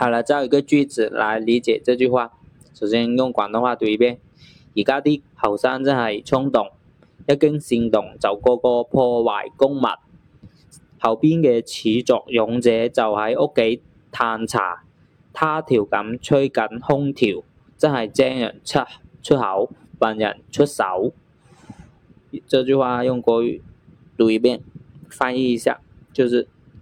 好了，來造一個句子來理解這句話。首先用廣東話讀一遍：而家啲後生真係衝動，一經煽動就個個破壞公物。後邊嘅始作俑者就喺屋企嘆茶，他條咁吹緊空調，真係精人出出口，笨人出手。這句話用句讀一遍，翻譯一下，就是。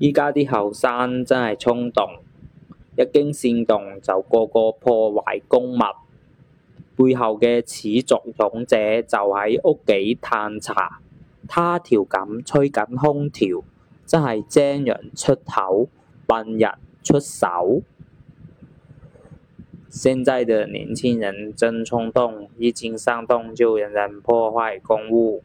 而家啲後生真係衝動，一經煽動就個個破壞公物，背後嘅始作俑者就喺屋企歎茶，他調咁吹緊空調，真係精人出口，笨人出手。現在嘅年輕人真衝動，一經煽動就人人破壞公物。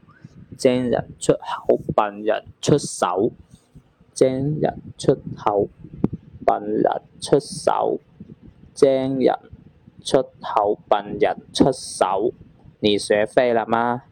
精人出口，笨人出手，精人出口，笨人出手，精人出口，笨人出手，你學會了嗎？